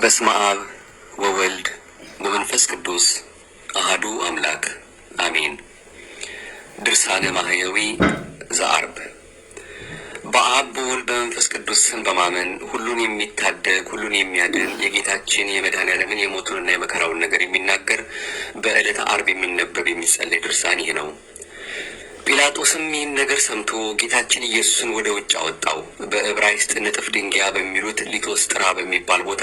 በስመ አብ ወወልድ ወመንፈስ ቅዱስ አህዱ አምላክ አሜን። ድርሳነ ማህየዊ ዘአርብ በአብ በወልድ በመንፈስ ቅዱስ ስም በማመን ሁሉን የሚታደግ ሁሉን የሚያድን የጌታችን የመድኃኔዓለምን የሞቱንና የመከራውን ነገር የሚናገር በዕለተ አርብ የሚነበብ የሚጸለይ ድርሳን ይህ ነው። ጲላጦስም ይህን ነገር ሰምቶ ጌታችን ኢየሱስን ወደ ውጭ አወጣው። በዕብራይስጥ ንጥፍ ድንጊያ በሚሉት ሊቶስጥራ በሚባል ቦታ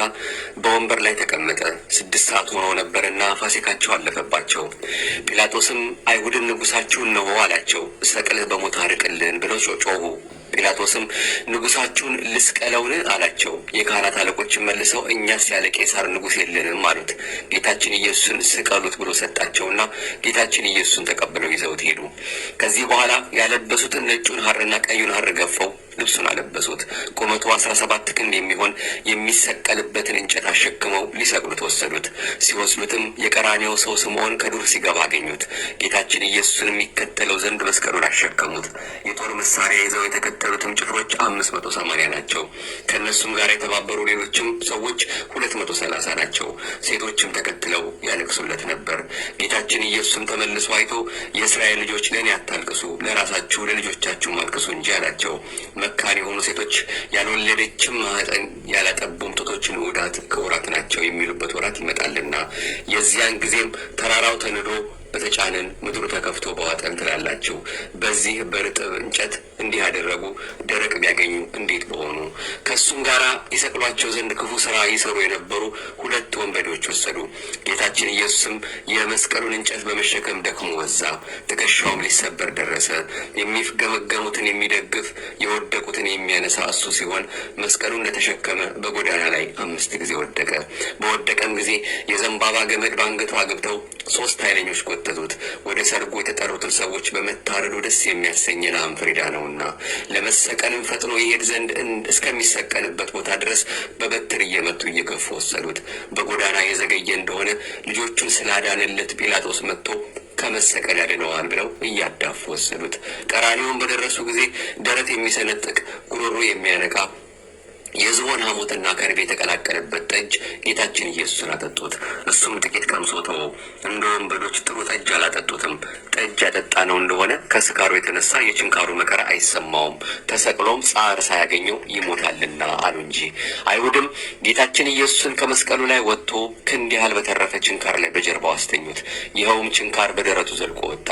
በወንበር ላይ ተቀመጠ። ስድስት ሰዓት ሆኖ ነበርና ፋሲካቸው አለፈባቸው። ጲላጦስም አይሁድን ንጉሳችሁን ነው አላቸው። ሰቅልህ በሞት አርቅልን ብለው ጮጮሁ። ጲላጦስም ንጉሳችሁን ልስቀለውን አላቸው። የካህናት አለቆችን መልሰው እኛስ ያለ ቄሳር ንጉስ የለንም አሉት። ጌታችን ኢየሱስን ስቀሉት ብሎ ሰጣቸውና ጌታችን ኢየሱስን ተቀብለው ይዘውት ሄዱ። ከዚህ በኋላ ያለበሱትን ነጩን ሐርና ቀዩን ሐር ገፈው ልብሱን አለበሱት። ቁመቱ አስራ ሰባት ክንድ የሚሆን የሚሰቀልበትን እንጨት አሸክመው ሊሰቅሉት ወሰዱት። ሲወስዱትም የቀራኔው ሰው ስምዖን ከዱር ሲገባ አገኙት። ጌታችን ኢየሱስን የሚከተለው ዘንድ መስቀሉን አሸከሙት። የጦር መሳሪያ ይዘው የተከተሉትም ጭፍሮች አምስት መቶ ሰማንያ ናቸው። ከእነሱም ጋር የተባበሩ ሌሎችም ሰዎች ሁለት መቶ ሰላሳ ናቸው። ሴቶችም ተከትለው ያለቅሱለት ነበር። ጌታችን ኢየሱስም ተመልሶ አይቶ የእስራኤል ልጆች ለእኔ አታልቅሱ፣ ለራሳችሁ ለልጆቻችሁ አልቅሱ እንጂ አላቸው። መካን የሆኑ ሴቶች ያልወለደችም ማኅፀን ያላጠቡም ጡቶች ውዳት ክቡራት ናቸው የሚሉበት ወራት ይመጣልና የዚያን ጊዜም ተራራው ተንዶ በተጫንን ምድሩ ተከፍቶ በዋጠን ትላላችሁ። በዚህ በርጥብ እንጨት እንዲህ ያደረጉ ደረቅ ቢያገኙ እንዴት በሆኑ። ከእሱም ጋር ይሰቅሏቸው ዘንድ ክፉ ስራ ይሰሩ የነበሩ ሁለት ወንበዴዎች ወሰዱ። ጌታችን ኢየሱስም የመስቀሉን እንጨት በመሸከም ደክሞ በዛ ትከሻውም ሊሰበር ደረሰ። የሚፍገመገሙትን የሚደግፍ የወደቁትን የሚያነሳ እሱ ሲሆን መስቀሉ እንደተሸከመ በጎዳና ላይ አምስት ጊዜ ወደቀ። በወደቀም ጊዜ የዘንባባ ገመድ በአንገቱ አግብተው ሶስት ኃይለኞች የተጎተቱት ወደ ሰርጉ የተጠሩትን ሰዎች በመታረዱ ደስ የሚያሰኝ ላም ፍሪዳ ነውና ለመሰቀልም ፈጥኖ ይሄድ ዘንድ እስከሚሰቀልበት ቦታ ድረስ በበትር እየመቱ እየገፉ ወሰዱት። በጎዳና የዘገየ እንደሆነ ልጆቹን ስላዳንለት ጲላጦስ መጥቶ ከመሰቀል ያድነዋል ብለው እያዳፉ ወሰዱት። ቀራኒውን በደረሱ ጊዜ ደረት የሚሰነጥቅ ጉሮሮ የሚያነቃ የዝሆን ሐሞትና ከርቤ የተቀላቀለበት ጠጅ ጌታችን ኢየሱስን አጠጡት። እሱም ጥቂት ቀምሶ ተወው። እንደ ወንበዶች ጥሩ ጠጅ አላጠጡትም። ጠጅ ያጠጣ ነው እንደሆነ ከስካሩ የተነሳ የችንካሩ መከራ አይሰማውም፣ ተሰቅሎም ጻር ሳያገኘው ይሞታልና አሉ እንጂ። አይሁድም ጌታችን ኢየሱስን ከመስቀሉ ላይ ወጥቶ ክንድ ያህል በተረፈ ችንካር ላይ በጀርባው አስተኙት። ይኸውም ችንካር በደረቱ ዘልቆ ወጣ።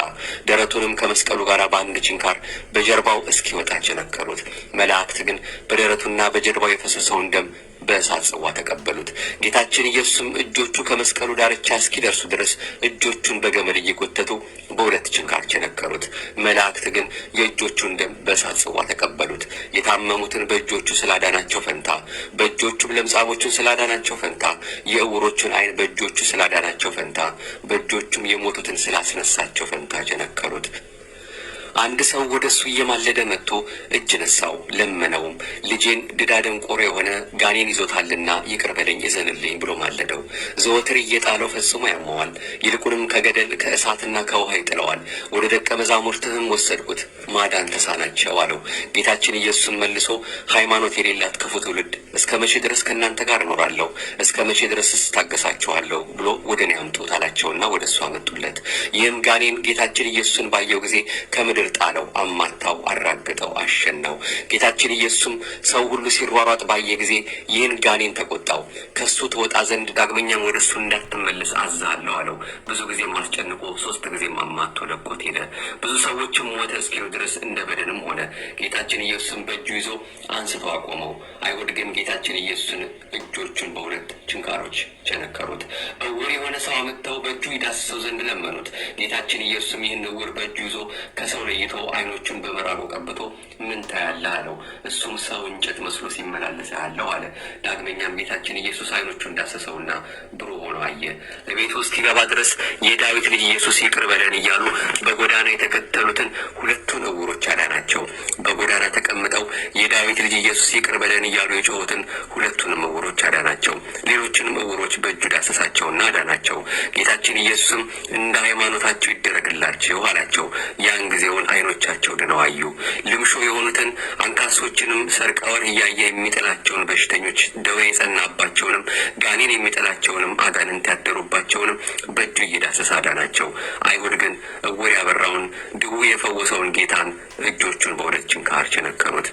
ደረቱንም ከመስቀሉ ጋር በአንድ ችንካር በጀርባው እስኪወጣ ቸነከሩት። መላእክት ግን በደረቱና በጀርባ ከሰማይ የፈሰሰውን ደም በእሳት ጽዋ ተቀበሉት። ጌታችን ኢየሱስም እጆቹ ከመስቀሉ ዳርቻ እስኪደርሱ ድረስ እጆቹን በገመድ እየጎተቱ በሁለት ችንካር ቸነከሩት። መላእክት ግን የእጆቹን ደም በእሳት ጽዋ ተቀበሉት። የታመሙትን በእጆቹ ስላዳናቸው ፈንታ፣ በእጆቹም ለምጻሞቹን ስላዳናቸው ፈንታ፣ የእውሮቹን ዓይን በእጆቹ ስላዳናቸው ፈንታ፣ በእጆቹም የሞቱትን ስላስነሳቸው ፈንታ ቸነከሩት። አንድ ሰው ወደ እሱ እየማለደ መጥቶ እጅ ነሳው፣ ለመነውም። ልጄን ድዳ ደንቆሮ የሆነ ጋኔን ይዞታልና ይቅር በለኝ እዘንልኝ ብሎ ማለደው። ዘወትር እየጣለው ፈጽሞ ያመዋል፣ ይልቁንም ከገደል ከእሳትና ከውሃ ይጥለዋል። ወደ ደቀ መዛሙርትህም ወሰድኩት ማዳን ተሳናቸው አለው። ጌታችን ኢየሱስን መልሶ ሃይማኖት የሌላት ክፉ ትውልድ እስከ መቼ ድረስ ከእናንተ ጋር እኖራለሁ? እስከ መቼ ድረስ እስታገሳችኋለሁ? ብሎ ወደ እኔ አምጡት አላቸውና ወደ እሱ አመጡለት። ይህም ጋኔን ጌታችን ኢየሱስን ባየው ጊዜ ከምድር ጣለው፣ አማታው፣ አራገጠው፣ አሸናው። ጌታችን ኢየሱስም ሰው ሁሉ ሲሯሯጥ ባየ ጊዜ ይህን ጋኔን ተቆጣው። ከእሱ ትወጣ ዘንድ ዳግመኛም ወደ እሱ እንዳትመለስ አዛለሁ አለው። ብዙ ጊዜ ማስጨንቆ ሶስት ጊዜ አማቶ ለቆት ሄደ። ብዙ ሰዎችም ሞተ እስኪሉ ድረስ እንደ በደንም ሆነ። ጌታችን ኢየሱስን በእጁ ይዞ አንስቶ አቆመው። አይሁድ ግን ጌታችን ኢየሱስን እጆቹን በሁለት ችንካሮች ቸነከሩት። እውር የሆነ ሰው አመጥተው በእጁ ይዳስሰው ዘንድ ለመኑት። ጌታችን ኢየሱስም ይህን እውር በእጁ ይዞ ለይቶ አይኖቹን በበራሮ ቀብቶ ምን ታያለ አለው። እሱም ሰው እንጨት መስሎ ሲመላለስ ያለው አለ። ዳግመኛም ጌታችን ኢየሱስ አይኖቹ እንዳሰሰውና ብሩ ሆኖ አየ። ለቤቱ እስኪገባ ድረስ የዳዊት ልጅ ኢየሱስ ይቅር በለን እያሉ በጎዳና የተከተሉትን ሁለቱን እውሮች አዳናቸው። በጎዳና ተቀምጠው የዳዊት ልጅ ኢየሱስ ይቅር በለን እያሉ የጮሁትን ሁለቱንም እውሮች አዳናቸው። ሌሎችንም እውሮች በእጁ ዳሰሳቸውና አዳናቸው። ጌታችን ኢየሱስም እንደ ሃይማኖታቸው ይደረግላቸው አላቸው። ያን ጊዜው ያላቸውን አይኖቻቸው ድነው አዩ። ልምሾ የሆኑትን አንካሶችንም ሰርቃወር እያየ የሚጥላቸውን በሽተኞች ደዌ የጸናባቸውንም ጋኔን የሚጥላቸውንም አጋንንት ያደሩባቸውንም በእጁ እየዳሰሰ አዳናቸው። አይሁድ ግን እውር ያበራውን ድውይ የፈወሰውን ጌታን እጆቹን በሁለት ችንካር ቸነከሩት።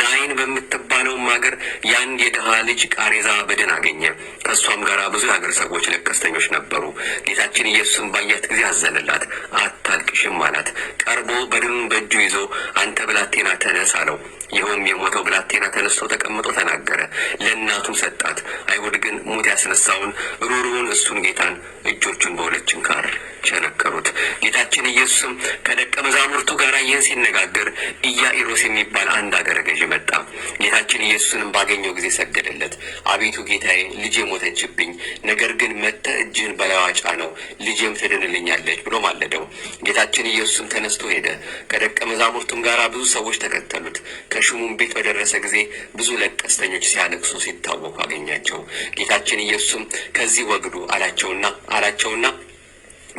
ናይን በምትባለውም አገር የአንድ የድሃ ልጅ ቃሬዛ በደን አገኘ። ከእሷም ጋር ብዙ የሀገር ሰዎች ለቀስተኞች ነበሩ። ጌታችን ኢየሱስን ባያት ጊዜ አዘነላት፣ አታልቅሽም አላት። ቀርቦ በድኑን በእጁ ይዞ አንተ ብላቴና ተነስ አለው። ይኸውም የሞተው ብላቴና ተነስቶ ተቀምጦ ተናገረ፣ ለእናቱም ሰጣት። አይሁድ ግን ሙት ያስነሳውን ሩሩውን እሱን ጌታን እጆቹን በሁለት ችንካር ቸነከሩት። ጌታችን ኢየሱስም ከደቀ መዛሙርቱ ጋር ይህን ሲነጋገር ኢያኢሮስ የሚባል አንድ አገረ ገዥ መጣ። ኢየሱስንም ባገኘው ጊዜ ሰገደለት። አቤቱ ጌታዬ ልጄ ሞተችብኝ፣ ነገር ግን መተ እጅህን በለዋጫ ነው ልጄም ትድንልኛለች ብሎ ማለደው። ጌታችን ኢየሱስም ተነስቶ ሄደ፣ ከደቀ መዛሙርቱም ጋር ብዙ ሰዎች ተከተሉት። ከሹሙም ቤት በደረሰ ጊዜ ብዙ ለቀስተኞች ሲያለቅሱ ሲታወቁ አገኛቸው። ጌታችን ኢየሱስም ከዚህ ወግዱ አላቸውና አላቸውና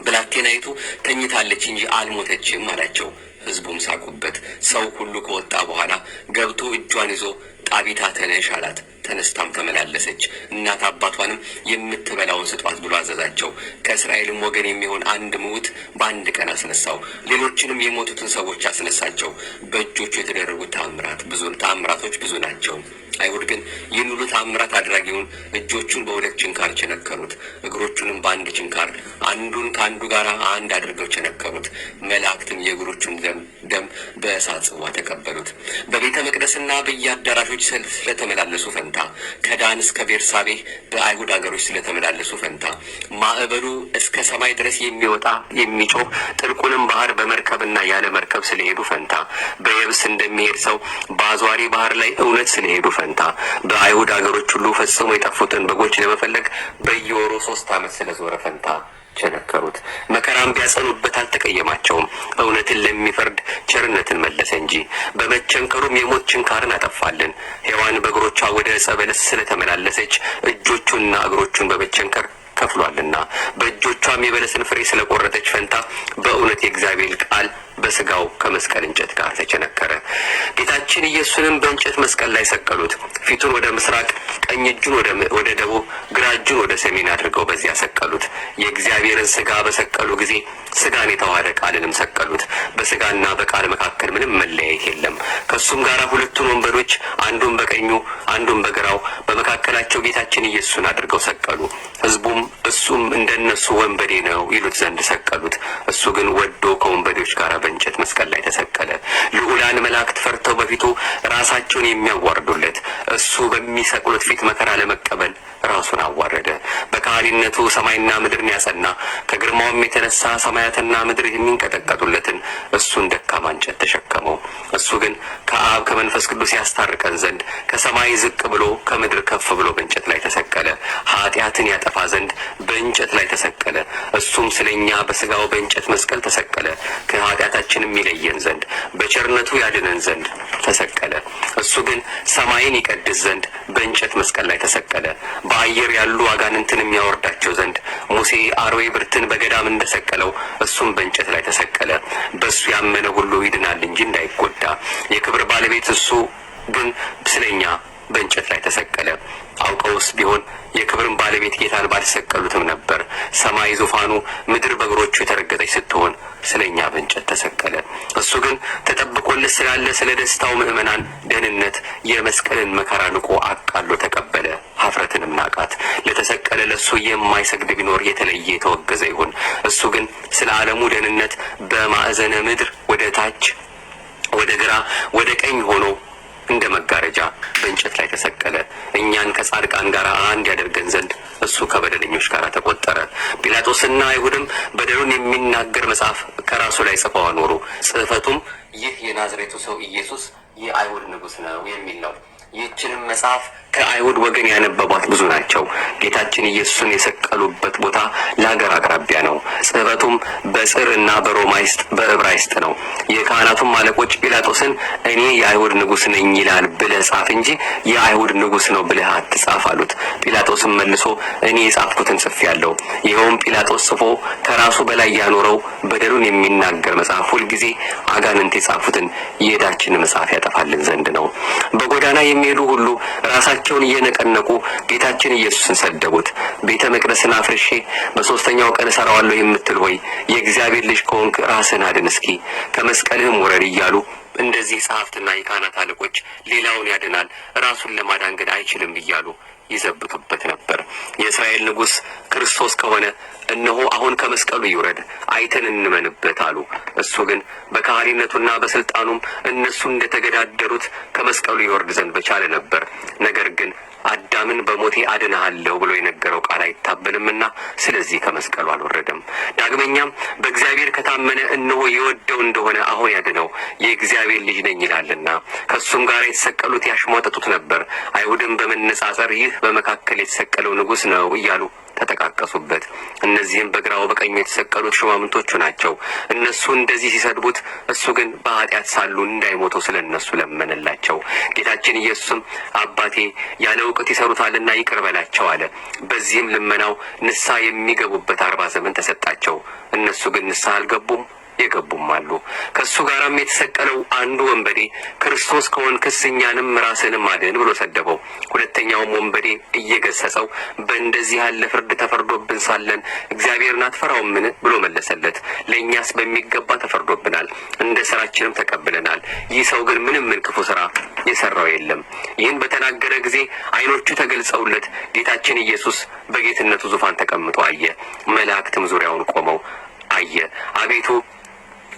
ብላቴናይቱ ተኝታለች እንጂ አልሞተችም አላቸው። ህዝቡም ሳቁበት። ሰው ሁሉ ከወጣ በኋላ ገብቶ እጇን ይዞ ጣቢታ ተነሽ አላት። ተነስታም ተመላለሰች። እናት አባቷንም የምትበላውን ስጧት ብሎ አዘዛቸው። ከእስራኤልም ወገን የሚሆን አንድ ምውት በአንድ ቀን አስነሳው። ሌሎችንም የሞቱትን ሰዎች አስነሳቸው። በእጆቹ የተደረጉት ታምራት ብዙ ታምራቶች ብዙ ናቸው። አይሁድ ግን ይህን ሁሉ ታምራት አድራጊውን እጆቹን በሁለት ችንካር ቸነከሩት፣ እግሮቹንም በአንድ ችንካር አንዱን ከአንዱ ጋር አንድ አድርገው ቸነከሩት። መላእክትም የእግሮቹን ደም በእሳት ጽዋ ተቀበሉት። በቤተ መቅደስና በየአዳራሾች ሰልፍ ለተመላለሱ ፈንታ ፈንታ ከዳን እስከ ቤርሳቤ በአይሁድ ሀገሮች ስለተመላለሱ ፈንታ ማዕበሉ እስከ ሰማይ ድረስ የሚወጣ የሚጮህ ጥልቁንም ባህር በመርከብና ያለ መርከብ ስለሄዱ ፈንታ በየብስ እንደሚሄድ ሰው በአዟሪ ባህር ላይ እውነት ስለሄዱ ፈንታ በአይሁድ ሀገሮች ሁሉ ፈጽሞ የጠፉትን በጎች ለመፈለግ በየወሩ ሶስት ዓመት ስለዞረ ፈንታ ቸነከሩት። መከራም ቢያጸኑበት አልተቀየማቸውም። እውነትን ለሚፈርድ ቸርነትን መለሰ እንጂ በመቸንከሩም የሞት ችንካርን አጠፋልን። ሔዋን በእግሮቿ ወደ ሰበለስ ስለተመላለሰች እጆቹንና እግሮቹን በመቸንከር ከፍሏልና በእጆቿም የበለስን ፍሬ ስለቆረጠች ፈንታ በእውነት የእግዚአብሔር ቃል በስጋው ከመስቀል እንጨት ጋር ተቸነከረ። ጌታችን ኢየሱስንም በእንጨት መስቀል ላይ ሰቀሉት። ፊቱን ወደ ምስራቅ ቀኝ እጁን ወደ ደቡብ፣ ግራ እጁን ወደ ሰሜን አድርገው በዚያ ሰቀሉት። የእግዚአብሔርን ስጋ በሰቀሉ ጊዜ ስጋን የተዋሃደ ቃልንም ሰቀሉት። በስጋና በቃል መካከል ምንም መለያየት የለም። ከእሱም ጋር ሁለቱን ወንበዶች አንዱን በቀኙ አንዱን በግራው በመካከላቸው ጌታችን ኢየሱስን አድርገው ሰቀሉ። ህዝቡም እሱም እንደነሱ ወንበዴ ነው ይሉት ዘንድ ሰቀሉት። እሱ ግን ወዶ ከወንበዴዎች ጋር በእንጨት መስቀል ላይ ተሰቀለ። ልዑላን መላእክት ፈርተው በፊቱ ራሳቸውን የሚያዋርዱለት እሱ በሚሰቅሉት ፊት ታሪክ መከራ ለመቀበል ራሱን አዋረደ። በካህሊነቱ ሰማይና ምድርን ያጸና ከግርማውም የተነሳ ሰማያትና ምድር የሚንቀጠቀጡለትን እሱን ደካማ እንጨት ተሸከመው። እሱ ግን ከአብ ከመንፈስ ቅዱስ ያስታርቀን ዘንድ ከሰማይ ዝቅ ብሎ ከምድር ከፍ ብሎ በእንጨት ላይ ተሰቀለ። ኃጢአትን ያጠፋ ዘንድ በእንጨት ላይ ተሰቀለ። እሱም ስለኛ በስጋው በእንጨት መስቀል ተሰቀለ። በቸርነቱ ያድነን ዘንድ ተሰቀለ። እሱ ግን ሰማይን ይቀድስ ዘንድ በእንጨት መስቀል ላይ ተሰቀለ። በአየር ያሉ አጋንንትን የሚያወርዳቸው ዘንድ ሙሴ አርዌ ብርትን በገዳም እንደሰቀለው እሱም በእንጨት ላይ ተሰቀለ። በእሱ ያመነ ሁሉ ይድናል እንጂ እንዳይጎዳ። የክብር ባለቤት እሱ ግን ስለኛ በእንጨት ላይ ተሰቀለ። አውቀውስ ቢሆን የክብርን ባለቤት ጌታን ባልሰቀሉትም ነበር። ሰማይ ዙፋኑ፣ ምድር በእግሮቹ የተረገጠች ስትሆን ስለ እኛ በእንጨት ተሰቀለ። እሱ ግን ተጠብቆለት ስላለ ስለ ደስታው ምዕመናን ደህንነት የመስቀልን መከራ ንቆ አቃሎ ተቀበለ። ሀፍረትንም ናቃት። ለተሰቀለ ለእሱ የማይሰግድ ቢኖር የተለየ የተወገዘ ይሁን። እሱ ግን ስለ ዓለሙ ደህንነት በማዕዘነ ምድር ወደ ታች ወደ ግራ ወደ ቀኝ ሆኖ እንደ መጋረጃ በእንጨት ላይ ተሰቀለ። እኛን ከጻድቃን ጋር አንድ ያደርገን ዘንድ እሱ ከበደለኞች ጋር ተቆጠረ። ጲላጦስና አይሁድም በደሉን የሚናገር መጽሐፍ ከራሱ ላይ ጽፈው አኖሩ። ጽህፈቱም ይህ የናዝሬቱ ሰው ኢየሱስ የአይሁድ ንጉሥ ነው የሚል ነው። ይህችንም መጽሐፍ ከአይሁድ ወገን ያነበቧት ብዙ ናቸው። ጌታችን ኢየሱስን የሰቀሉበት ቦታ ለሀገር አቅራቢያ ነው። ጽህፈቱም በጽር እና በሮማይስጥ በዕብራይስጥ ነው። የካህናቱም አለቆች ጲላጦስን እኔ የአይሁድ ንጉሥ ነኝ ይላል ብለህ ጻፍ እንጂ የአይሁድ ንጉሥ ነው ብለህ አትጻፍ አሉት። ጲላጦስም መልሶ እኔ የጻፍኩትን ጽፌአለሁ። ይኸውም ጲላጦስ ጽፎ ከራሱ በላይ ያኖረው በደሉን የሚናገር መጽሐፍ ሁልጊዜ አጋንንት የጻፉትን የዕዳችንን መጽሐፍ ያጠፋልን ዘንድ ነው። በጎዳና የሚሄዱ ሁሉ ራሳቸውን እየነቀነቁ ጌታችን ኢየሱስን ሰደቡት። ቤተ መቅደስን አፍርሼ በሶስተኛው ቀን እሰራዋለሁ የምትል ሆይ የእግዚአብሔር ልጅ ከሆንክ ራስህን አድን እስኪ ከመስቀልህም ውረድ እያሉ እንደዚህ ጸሐፍትና የካህናት አለቆች ሌላውን ያድናል ራሱን ለማዳን ግን አይችልም እያሉ ይዘብቱበት ነበር። የእስራኤል ንጉሥ ክርስቶስ ከሆነ እነሆ አሁን ከመስቀሉ ይውረድ አይተን እንመንበት አሉ። እሱ ግን በካህሪነቱና በስልጣኑም እነሱ እንደተገዳደሩት ከመስቀሉ ይወርድ ዘንድ በቻለ ነበር። ነገር ግን አዳምን በሞቴ አድንሃለሁ ብሎ የነገረው ቃል አይታበልምና ስለዚህ ከመስቀሉ አልወረደም። ዳግመኛም በእግዚአብሔር ከታመነ እነሆ የወደው እንደሆነ አሁን ያድነው የእግዚአብሔር ልጅ ነኝ ይላልና ከእሱም ጋር የተሰቀሉት ያሽሟጠጡት ነበር። አይሁድም በመነጻጸር ይህ በመካከል የተሰቀለው ንጉሥ ነው እያሉ ተጠቃቀሱበት። እነዚህም በግራው በቀኙ የተሰቀሉት ሹማምንቶቹ ናቸው። እነሱ እንደዚህ ሲሰድቡት፣ እሱ ግን በኃጢአት ሳሉ እንዳይሞቱ ስለ እነሱ ለመነላቸው። ጌታችን ኢየሱስም አባቴ ያለ እውቀት ይሰሩታልና ይቅር በላቸው አለ። በዚህም ልመናው ንስሐ የሚገቡበት አርባ ዘመን ተሰጣቸው። እነሱ ግን ንስሐ አልገቡም የገቡም አሉ። ከእሱ ጋራም የተሰቀለው አንዱ ወንበዴ ክርስቶስ ከሆንክስ እኛንም ራስንም አድን ብሎ ሰደበው። ሁለተኛውም ወንበዴ እየገሰጸው በእንደዚህ ያለ ፍርድ ተፈርዶብን ሳለን እግዚአብሔርን ምን ብሎ መለሰለት። ለእኛስ በሚገባ ተፈርዶብናል፣ እንደ ስራችንም ተቀብለናል። ይህ ሰው ግን ምንም ምን ክፉ ስራ የሰራው የለም። ይህን በተናገረ ጊዜ አይኖቹ ተገልጸውለት ጌታችን ኢየሱስ በጌትነቱ ዙፋን ተቀምጦ አየ። መላእክትም ዙሪያውን ቆመው አየ። አቤቱ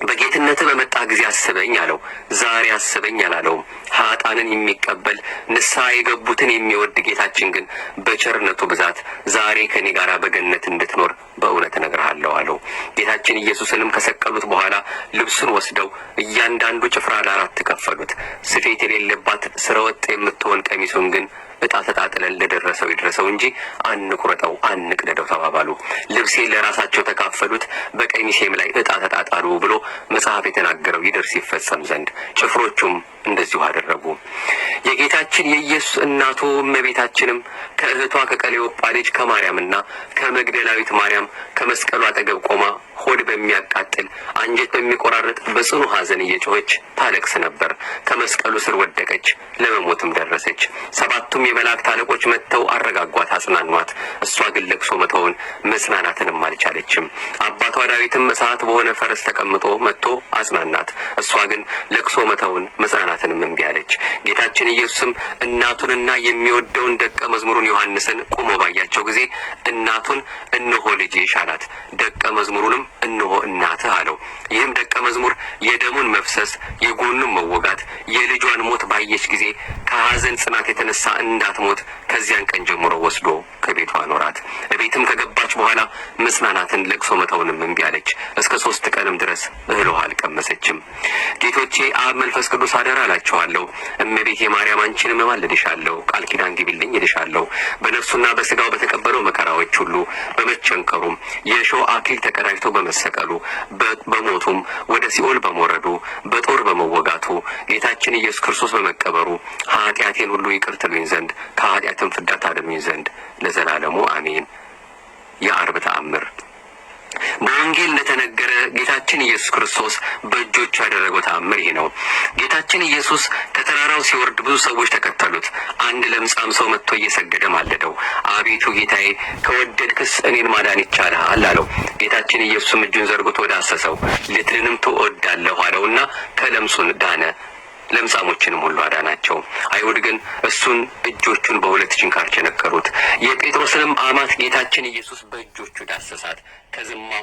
በጌትነት በመጣ ጊዜ አስበኝ አለው። ዛሬ አስበኝ አላለውም። ሀጣንን የሚቀበል ንስሐ የገቡትን የሚወድ ጌታችን ግን በቸርነቱ ብዛት ዛሬ ከኔ ጋር በገነት እንድትኖር በእውነት እነግርሃለሁ አለው። ጌታችን ኢየሱስንም ከሰቀሉት በኋላ ልብሱን ወስደው እያንዳንዱ ጭፍራ ለአራት ከፈሉት። ስፌት የሌለባት ስረወጥ የምትሆን ቀሚሱን ግን እጣ ተጣጥለን ለደረሰው ይድረሰው እንጂ አንቁረጠው፣ አንቅደደው ተባባሉ። ልብሴን ለራሳቸው ተካፈሉት፣ በቀሚሴም ላይ እጣ ተጣጣሉ ብሎ መጽሐፍ የተናገረው ይደርስ ይፈጸም ዘንድ። ጭፍሮቹም እንደዚሁ አደረጉ። የጌታችን የኢየሱስ እናቱ እመቤታችንም ከእህቷ ከቀሌዮጳ ልጅ ከማርያምና ከመግደላዊት ማርያም ከመስቀሉ አጠገብ ቆማ ሆድ በሚያቃጥል አንጀት በሚቆራረጥ በጽኑ ሐዘን እየጮኸች ታለቅስ ነበር። ከመስቀሉ ስር ወደቀች፣ ለመሞትም ደረሰች። ሰባቱም የመላእክት አለቆች መጥተው አረጋጓት፣ አጽናኗት። እሷ ግን ለቅሶ መተውን መጽናናትንም አልቻለችም። አባቷ ዳዊትም እሳት በሆነ ፈረስ ተቀምጦ መጥቶ አጽናናት። እሷ ግን ለቅሶ መተውን መጽናናትንም እምቢ አለች። ጌታችን ኢየሱስም እናቱንና የሚወደውን ደቀ መዝሙሩን ዮሐንስን ቁሞ ባያቸው ጊዜ እናቱን እነሆ ልጄ ይሻላት፣ ደቀ መዝሙሩንም እነሆ እናትህ አለው። ይህም ደ መዝሙር የደሙን መፍሰስ የጎኑን መወጋት የልጇን ሞት ባየች ጊዜ ከሐዘን ጽናት የተነሳ እንዳትሞት ከዚያን ቀን ጀምሮ ወስዶ ከቤቷ አኖራት። እቤትም ከገባች በኋላ መጽናናትን፣ ለቅሶ መተውንም እምቢ አለች። እስከ ሶስት ቀንም ድረስ እህል ውሃ አልቀመሰችም። ጌቶቼ አብ መንፈስ ቅዱስ አደራ እላችኋለሁ። እመቤቴ ማርያም አንቺን እማልድሻለሁ፣ ቃል ኪዳን ግቢልኝ እልሻለሁ። በነፍሱና በስጋው በተቀበለው መከራዎች ሁሉ በመቸንከሩም የእሾህ አክሊል ተቀዳጅቶ በመሰቀሉ በሞቱም ወደ ሲኦል በመውረዱ በጦር በመወጋቱ ጌታችን ኢየሱስ ክርስቶስ በመቀበሩ ኃጢአቴን ሁሉ ይቅር ትሉኝ ዘንድ ከኃጢአትን ፍዳ ታድኑኝ ዘንድ ለዘላለሙ አሜን። የአርብ ተአምር በወንጌል እንደተነገረ ጌታችን ኢየሱስ ክርስቶስ በእጆቹ ያደረገው ተአምር ይህ ነው። ጌታችን ኢየሱስ ከተራራው ሲወርድ ብዙ ሰዎች ተከተሉት። አንድ ለምጻም ሰው መጥቶ እየሰገደ ማለደው፣ አቤቱ ጌታዬ ከወደድክስ እኔን ማዳን ይቻልሃል አለው። ጌታችን ኢየሱስም እጁን ዘርግቶ ዳሰሰው፣ ልትድንም ትወዳለህ አለውና ከለምጹን ዳነ። ለምጻሞችንም ሁሉ አዳናቸው። አይሁድ ግን እሱን እጆቹን በሁለት ችንካር ቸነከሩት። የጴጥሮስንም አማት ጌታችን ኢየሱስ በእጆቹ ዳሰሳት ከዝማ